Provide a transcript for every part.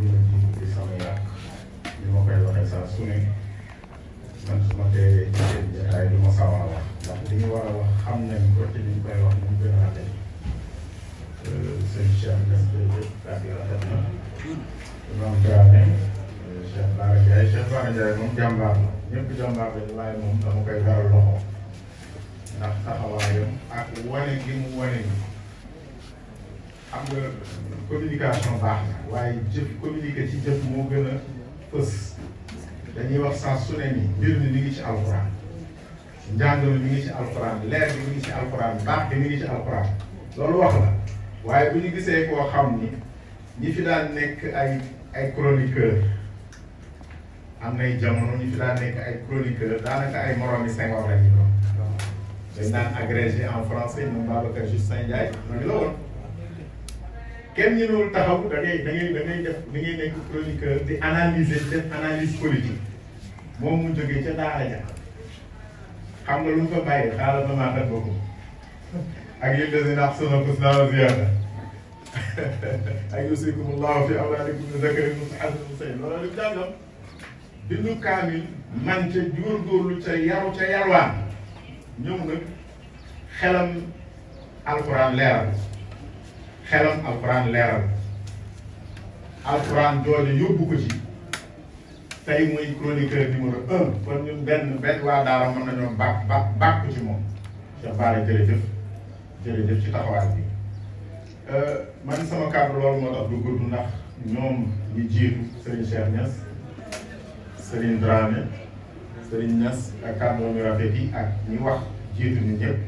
lii la ci di sama yàq li ma koy waxee saa su ne man su ma teewee ci seen jotaay du ma sawar a wax ndax li ñu war a wax xam nañ ko ci liñ koy wax ñu gën a rafet sëñ Cheikh Ndiaye jërëjëf kàddu yi rafet na imam Dramé Cheikh Bara Ndiaye Cheikh Bara Ndiaye moom jàmbaar la ñëpp jàmbaar lañu waaye moom dama koy garal loxo ndax taxawaayam ak wane gi mu wane gi am nga communication baax na waaye jëf communiquer jëf moo gën a fës dañuy wax saa su ne ni mbir alxuraan njàng mi mi alxuraan leer bi alxuraan baax bi alxuraan loolu wax la waaye bu ñu gisee koo xam ni ñi nekk ay ay am nay jamono ñi fi nekk ay chroniqueur daanaka ay moromi Senghor lañu doon dañ daan agrégé en français moom Babacar Justin Ndiaye ñu ngi la woon kenn ñëwul taxaw da ngay da ngay da ngay def da ngay nekk chroniqueur di analyser di def analyse politique moom mu jógee ca daara ja xam nga lu mu fa bàyyi xaaral ma maa boobu ak yéen des na axsana husna wa ziyaada ak yusikum allahu fi awlaadikum li zakari mithlu hazzil unsayayni loolu lu jàngam bindu kaamil man ca góorgóorlu ca yaru ca yarwaan ñëw nag xelam alxuraan leeral alxuraan jooju yóbbu ko ci tey muy chroniqueur numéro un kon ñun benn benn waa daara mën nañoo bàq bàq bàq ko ci moom Cheikh Bara jërëjëf jërëjëf ci taxawaay bi euh, man sama kàddu loolu moo tax du gudd ndax ñoom ñi jiitu Serigne Cheikh Niass Serigne Dramé Serigne Niass ak kàddu yu rafet yi ak ñi wax jiitu ñi ñëpp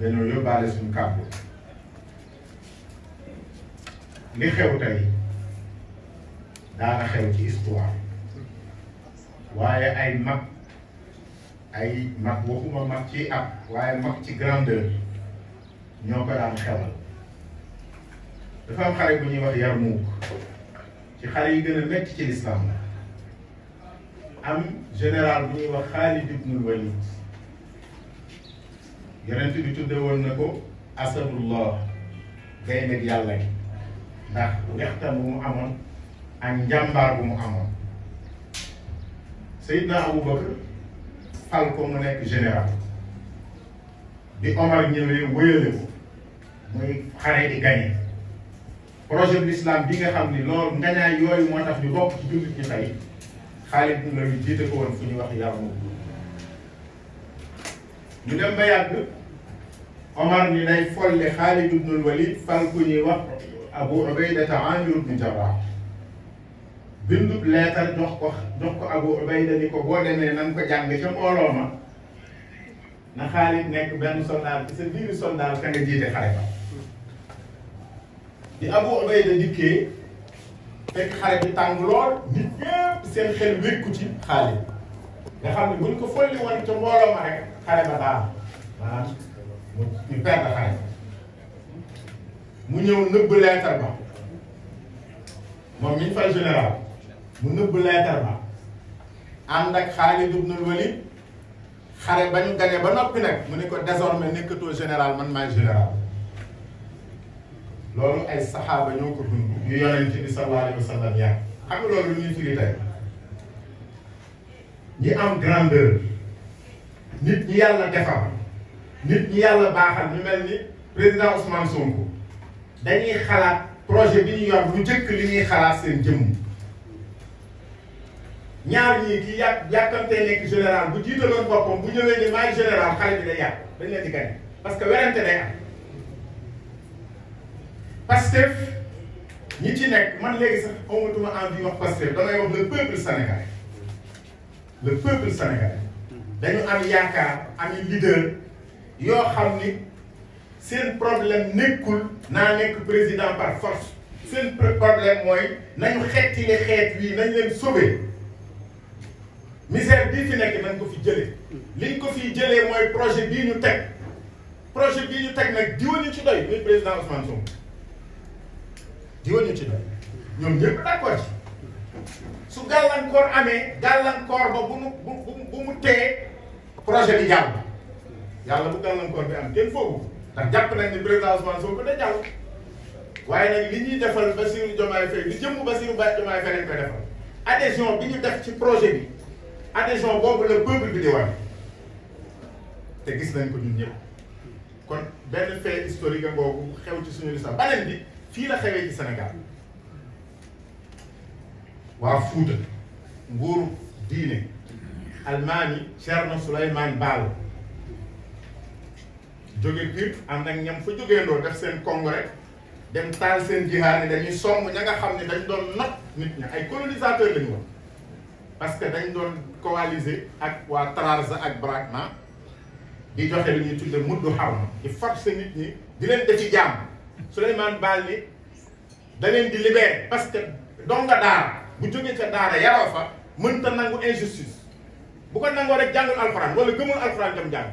dañoo yóbbaale suñu kàddu li xew tey daana xew ci histoire waaye ay mag ay mag waxuma mag ci ab waaye mag ci grandeur ñoo daan xewal dafa am xare bu ñuy wax Yarmouk ci xare yi gën a metti ci lislaam am général bu ñuy wax Xaalid na ko asadullah gaynde yàlla gi ndax ndexta bu mu amoon ak njàmbaar mu amoon Seydina Aboubacar fal ko général bi Omar ñëwee wëyale ko muy xare di gañe projet l'islam bi ni loolu ngañaay yooyu moo tax ñu bokk ci jullit ñi xëy Xaalid ibn Walid jiite ko fu ñuy wax Yarmuk ñu dem ba yàgg Omar ni day folle Xaalid ibn Walid fal ku ñuy wax Abu Ubaydata Amir ibn Jarrah bindub leetar jox ko jox ko Abu Ubayda ni ko boo demee na nga ko jàng ca mbooloo ma na Xaalid nekk benn soldaar ci sa biiru soldaar ka nga jiite xare ba di Abu Ubayda dikkee fekk xare bi tàng lool nit ñépp seen xel wékku ci Xaalid nga xam ne buñ ko folli woon ca mbooloo ma rek ba daal maanaam mu ñu perdre mu ñëw nëbb leetar ba moom mi ñu fay général mu nëbb leetar ba ànd ak Xaalid ibnul Walid xare ba ñu gañe ba noppi nag mu ne ko désormais nekkatoo général man maay général loolu ay saxaaba ñoo ko dund yu yonent bi sallallahu alayhi wa sallam yaa xam nga loolu ñuy firi tey ñi am grandeur nit ñi yàlla defar nit ñi yàlla baaxal ñu mel ni président Ousmane Sonko dañuy xalaat projet bi ñu yor lu njëkk li ñuy xalaat seen jëmm ñaar ñii kii yàq yàkkamtee nekk général bu jiitaloon boppam bu ñëwee ni maay général xale bi day yàqu dañ leen di gañ parce que werante day am Pastef ñi ci nekk man léegi sax amatuma envie wax Pastef damay wax le peuple sénégalais le peuple sénégalais dañu am yaakaar am leader yoo xam ni seen problème nekkul naa nekk président par force seen problème mooy nañu xettile xeet wii nañ leen sauver misère bii fi nekk nañ ko fi jëlee liñ ko fi jëlee mooy projet bii ñu teg projet bii ñu teg nag diwa ñu ci doy muy président Ousmane Sonko diwa ñu ci doy ñoom ñëpp d'accord ci su gàllankoor amee gàllankoor ba bu mu bu bu mu tee projet bi jàll yàlla bu gàllankoor bi am kenn foofu. ndax jàpp nañ ni président Ousmane Sonko da jàll waaye nag li ñuy defal Bassirou Diomaye Faye li jëmm Bassirou Diomaye Faye lañ koy defal adhésion bi ñu def ci projet bi adhésion boobu la peuple bi di wane te gis nañ ko ñun kon benn fait historique boobu xew ci suñu lisam beneen bi fii la xewee ci Sénégal waa Fuuta nguur diine almaani Thierno jóge Pire ànd ak ñam jógee jógeendoo def seen congrès dem taal seen jihaar ni dañuy song ña nga xam ne dañ doon nag nit ña ay colonisateur lañu woon parce que dañ doon coaliser ak waa Trarza ak Brakna di joxe li ñuy mu muddu xaw ma di forcer nit ñi di leen def ci jàmm Souleymane Baal ni da leen di libérer parce que donga daara bu jógee ca daara yaroo fa mënta nangu injustice bu ko nangoo rek jàngul alxuraan wala gëmul alxuraan dem jàng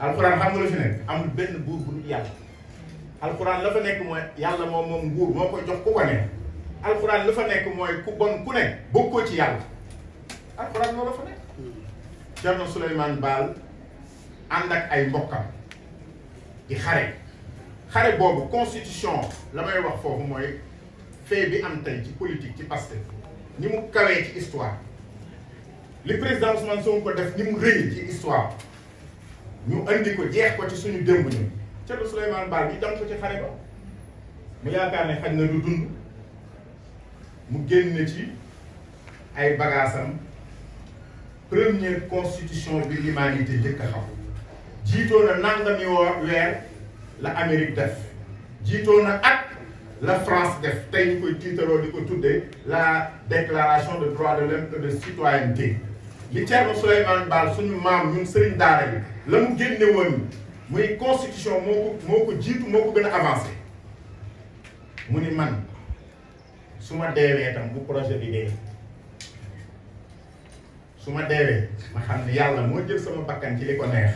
alxuraan xam nga lu fi nekk amul benn buur bu dul yàlla alxuraan la fa nekk mooy yàlla moom moom nguur moo koy jox ku ko ne alxuraan la fa nekk mooy ku bon ku ne bokkoo ci yàlla alxuraan loolu la fa nekk Cerno Souleymane Baal ànd ak ay mbokkam di xare xare boobu constitution la may wax foofu mooy fait bi am tey ci politique ci Pastef ni mu kawee ci histoire li président Ousmane Sonko ko def ni mu rëy ci histoire ñu indi ko jeex ko ci suñu démb ñu Thierno Souleymane Baal ñu jam ko ci xare ba mu yaakaar ne xaj na du dund mu génne ci ay bagaasam première constitution bi l'humanité njëkk xam jiitoo na nangami woor weer la Amérique def jiitoo na at la France def tey ñu koy tiitaroo di ko tuddee la déclaration de droit de l'homme et de citoyenneté li Thierno Souleymane Baal suñu maam ñun sëriñ daara yi la mu génne woon muy constitution moo ko moo ko jiitu moo ko gën a avancé mu ni man su ma deewee tam bu projet bi su ma deewee ma xam ne yàlla moo jël sama bakkan ci li ko neex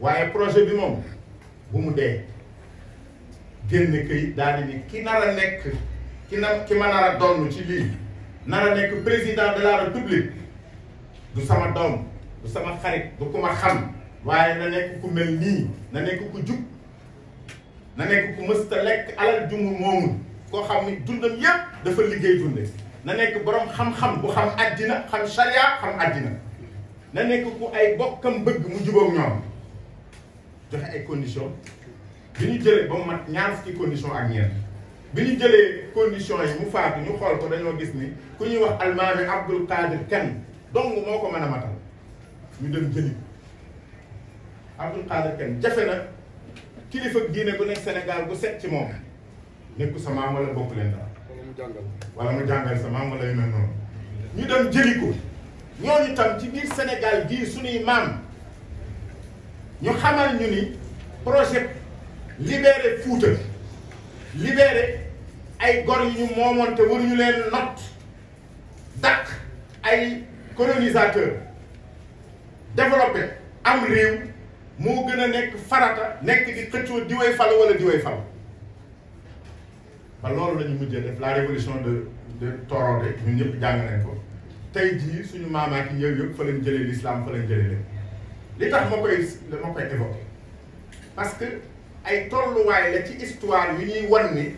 waaye projet bi moom bu mu dee génn këy daal di ni ki na a nekk ki na ki ma nar a donn ci na nar a nekk président de la république du sama doom du sama xarit du ku ma xam waaye na nekk ku mel nii na nekk ku jub na nekk ku mësta lekk alal jungu moomu koo xam ni dundam yépp dafa liggéey dunde na nekk borom xam-xam bu xam àddina xam sharia xam àddina na nekk ku ay bokkam bëgg mu jubóog ñoom joxe ay condition bi ñu jëlee ba mu mat ñaar fukki condition ak ñeent bi ñu jële condition yi mu faatu ñu xool ko dañoo gis ni ku ñuy wax almaami Abdul Qadir Kane dong moo ko mën a matal ñu dem jëli Abdul Xaadir Kan jafe na kilifa diine bu nekk Sénégal bu set ci moom nekku sa maam wala bokk leen dara wala mu jàngal sa maam wala yu mel noonu ñu dem jëli ñooñu tam ci biir Sénégal gii suñuy maam ñu xamal ñu ni projet libéré Fuuta libéré ay gor yu ñu moomoon te waruñu leen not dakk ay colonisateur développé am réew moo gën a nekk farata nekk di xëccoo diwee falu wala diwee falu ba loolu la ñu mujjee def la révolution de de Torodé ñun ñëpp jàng nañ ko tey jii suñu maamaat yi ñëw yëpp fa lañ jëlee l'islam fa lañ jëlee lépp li tax ma koy ma koy évoqué parce que ay tolluwaay la ci histoire yu ñuy wan nit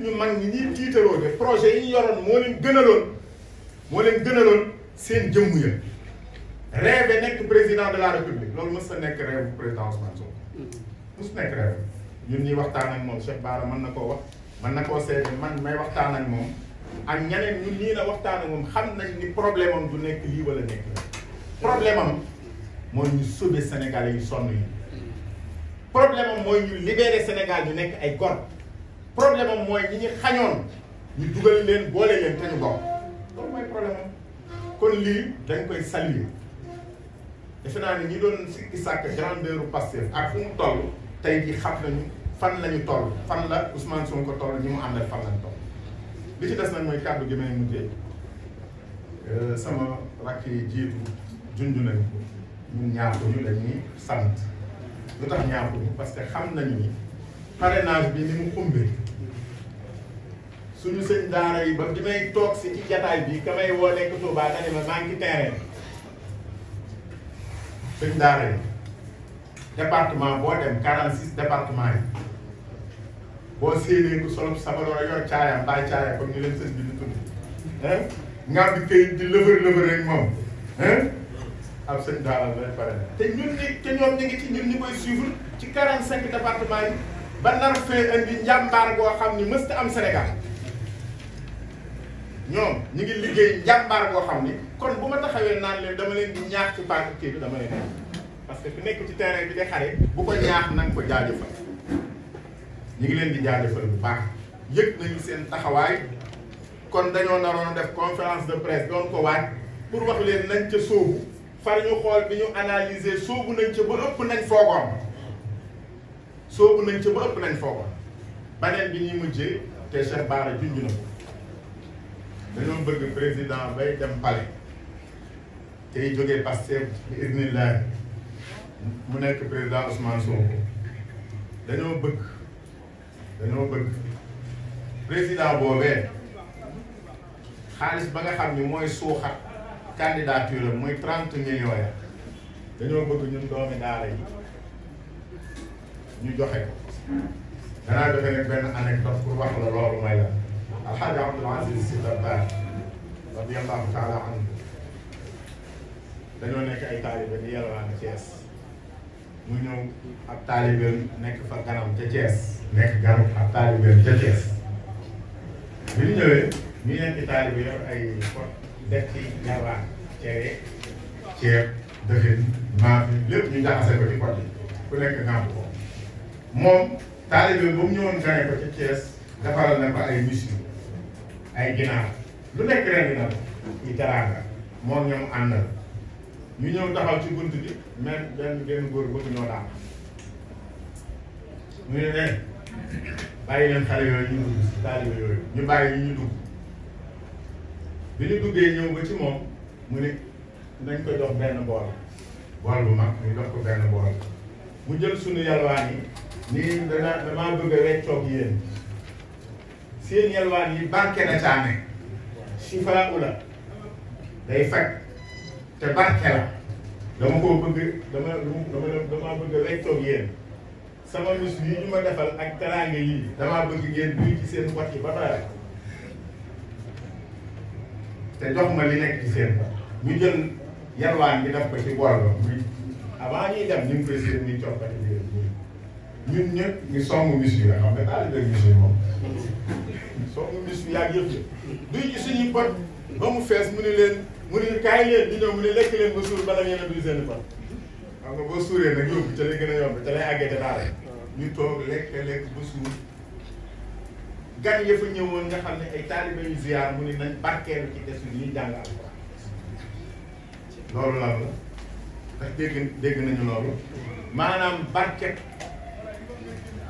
ñu mag ñi ñuy tiitaroo de projet yi ñu yoroon moo leen gënaloon moo leen gënaloon seen jëmm ya rêve nekk président de la république loolu mës sa nekk rêve président Ousmane Sonko mm-hmm. mës nekk rêve ñun ñuy waxtaan ak moom Cheikh Bara mën na koo wax man na koo seede man may waxtaan ak moom ak ñeneen ñun ñii la waxtaan ak moom xam nañ ni problème am du nekk lii wala nekk la problème am mooy ñu sauver sénégalais yu sonn yi problème am mooy ñu libérer Sénégal yi nekk ay gor problème am mooy ñi ñu xañoon ñu dugal leen boole leen te bokk loolu mooy kon lii dañ koy saluer defe naa ne ñi doon sikki sàkk grandeur Pastef ak fu mu toll tey jii xam nañu fan la ñu toll fan la Ousmane Sonko toll ñi mu àndal fan lañ toll li ci des nag mooy kàddu gi may mujjee euh, sama rakk yi jiitu junj nañ ko ñun ñaaxuñu dañuy sant lu tax ñaaxuñu parce que xam nañu ni parrainage bi ni mu umbee suñu sëñ daara yi ba bi may toog si ci jataay bi ka may woo nekk Touba dane ma maa ngi terrain sëñ daara yi boo dem 46 département boo séenee ku solo sabaloo yor caayam bàyyi caayam comme ni leen sëñ bi di tudd nga bi këy di lëbër lëbër rek moom am sëñ daara la pare te ñun ñi te ñoom ñu ngi ci ñun ñu ci 45 département yi ba nar fee indi njàmbaar goo xam ni mësta am Sénégal ñoom ñu ngi liggéey njàmbaar boo xam ni kon bu ma taxawee naan leen dama leen di ñaax ci banque kii bi dama leen parce que ku nekk ci terrain bi di xare bu ko ñaax na nga ko jaajëfal ñu ngi leen di jaajëfal bu baax yëg nañu seen taxawaay kon dañoo naroon def conférence de presse doon ko waaj pour wax leen nañ ca sóobu far ñu xool bi ñu analyser sóobu nañ ca ba ëpp nañ foogoon sóobu nañ ca ba ëpp nañ foogoon baneen bi ñuy mujjee te Cheikh Bara junj na ko dañoo bëgg président bay dem palais tey jógee Pastef bi idnillahi mu nekk président Ousmane Sonko dañoo bëgg dañoo bëgg président boobee xaalis ba nga xam ni mooy suuxat candidature am muy trente millions ya dañoo bëgg ñun doomi daara yi ñu joxe ko danaa joxe nag benn anecdote pour wax la loolu may alxaaji Abdul Aziz Sy Dabakh radiyallahu taala anhu dañoo nekk ay taalibe di yelwaan Thiès mu ñëw ab taalibeem nekk fa ganam ca Thiès nekk ganam ab taalibeem ca Thiès bi ñu ñëwee ñu nekk taalibe yor ay pot def ci yelwaan cere ceeb dëxin maaf lépp ñu jaxase ko ci pot yi ku nekk ngàmb ko moom taalibe ba mu ñëwoon gane ko ca Thiès defaral na ko ay mission ay ginaar lu nekk ren na ñu teraanga moom ñoom ànd na ñu ñëw taxaw ci bunt bi même benn benn góor bëgg ñoo daan ñu ne leen bàyyi leen xale yooyu ñu dugg si taalibe bi ñu duggee ñëw ba ci mu ne nañ ko jox benn bool bool bu mag ñu jox ko benn bool mu jël suñu yalwaan yi nii dana damaa bëgg a reccoog yéen seen yalwaan yi barke na caa ne shifaa u la day faj te barke la dama koo bëgg dama dama dama bëgg weccoog yéen sama mis yi ñu ma defal ak teraanga yii damaa bëgg ngeen duy ci seen wat yi ba pare te jox ma li nekk ci seen ñu jël yalwaan bi def ko ci bool ba muy avant ñuy dem ñu ngi koy seen ni coppati léegi ñun ñëpp ñu song mis bi nga xam ne daal di dégg mis bi moom song mis bi yaa ngi yëpp duy ci suñuy bët ba mu fees mu ne leen mu ne kaay leen di ñëw mu ne lekk leen ba suur bala ngeen a duy seen bët xam nga boo suuree nag yóbbu ca lay gën a yomb ca lay àggee te daal ñu toog lekk lekk ba suur gan ya fa ñëwoon nga xam ne ay taalibe yu ziar mu ne nañ barkeelu ci des bi ñuy jàng dégg dégg nañu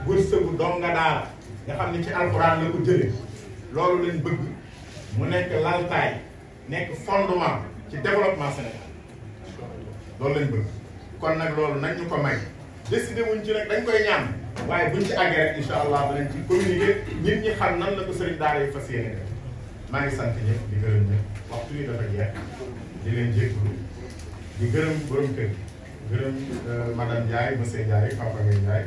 wërsëgu donga daara nga xam ne ci alxuraan la ko jëlee loolu lañ bëgg mu nekk laltaay nekk fondement ci développement Sénégal loolu lañ bëgg kon nag loolu nañ ñu ko may décidé wuñ ci rek dañ koy ñaan waaye buñ ci àggee rek incha allah danañ ci communiquer nit ñi xam nan la ko sëriñ daara yi fas yéene maa ngi sant ñëpp di gërëm ñëpp waxtu yi dafa jeex di leen jégalu di gërëm borom kër gi gërëm euh, madame Ndiaye monsieur Ndiaye papa Ndiaye.